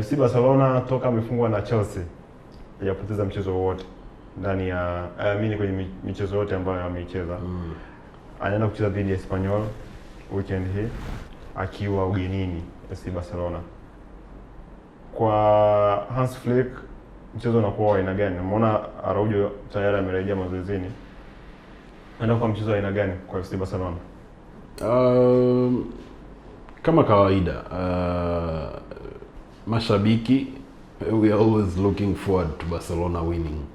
FC Barcelona toka amefungwa na Chelsea hajapoteza mchezo wote ndani ya amini kwenye michezo yote ambayo ameicheza. Mm. Anaenda kucheza dhidi ya Espanyol weekend hii akiwa ugenini FC Barcelona. Kwa Hans Flick mchezo unakuwa wa aina gani? Umeona Araujo tayari amerejea mazoezini. Anaenda kwa mchezo wa aina gani kwa FC Barcelona? Um, kama kawaida uh, mashabiki, we are always looking forward to Barcelona winning.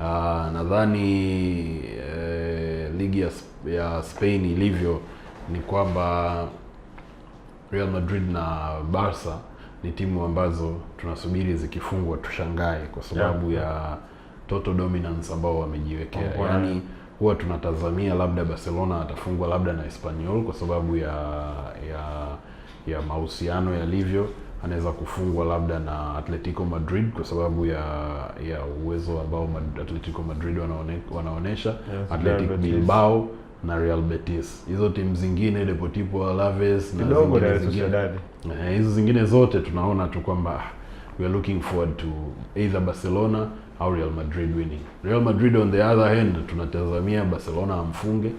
Uh, nadhani eh, ligi ya, ya Spain ilivyo ni kwamba Real Madrid na Barca ni timu ambazo tunasubiri zikifungwa tushangae kwa sababu yeah, ya total dominance ambao wamejiwekea. okay. yani huwa tunatazamia labda Barcelona atafungwa labda na Espanyol kwa sababu ya ya ya mahusiano yalivyo anaweza kufungwa labda na Atletico Madrid kwa sababu ya ya uwezo ambao Atletico Madrid wanaone, wanaonesha yes, Bilbao na Real Betis. Hizo timu zingine Deportivo Alaves na zingine zingine eh, hizo zingine zote tunaona tu kwamba we are looking forward to either Barcelona au Real Madrid winning. Real Madrid on the other hand, tunatazamia Barcelona amfunge,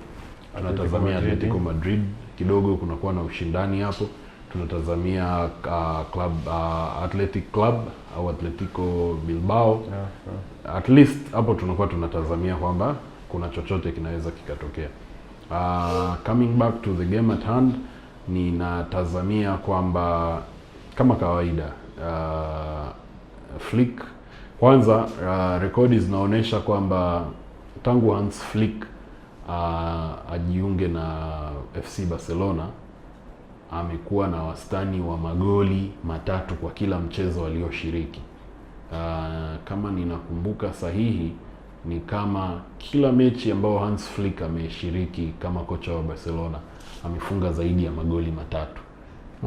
tunatazamia Atletico Madrid kidogo kunakuwa na ushindani hapo tunatazamia uh, club uh, Athletic Club au Atletico Bilbao yeah, yeah. At least hapo tunakuwa tunatazamia kwamba kuna chochote kinaweza kikatokea. Uh, coming back to the game at hand, ninatazamia kwamba kama kawaida uh, Flick kwanza, uh, rekodi zinaonyesha kwamba tangu Hans Flick uh, ajiunge na FC Barcelona amekuwa na wastani wa magoli matatu kwa kila mchezo alioshiriki. Uh, ah, kama ninakumbuka sahihi ni kama kila mechi ambayo Hans Flick ameshiriki kama kocha wa Barcelona amefunga zaidi ya magoli matatu.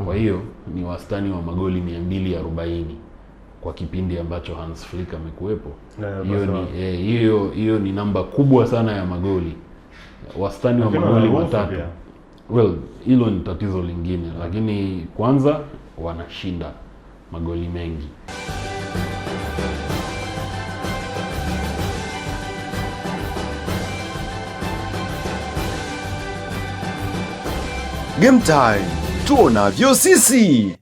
Kwa hiyo ni wastani wa magoli 240 kwa kipindi ambacho Hans Flick amekuwepo. Hiyo ni eh, hiyo eh, hiyo ni namba kubwa sana ya magoli, wastani wa magoli matatu pia well, hilo ni tatizo lingine, lakini kwanza wanashinda magoli mengi. Game time tuonavyo sisi.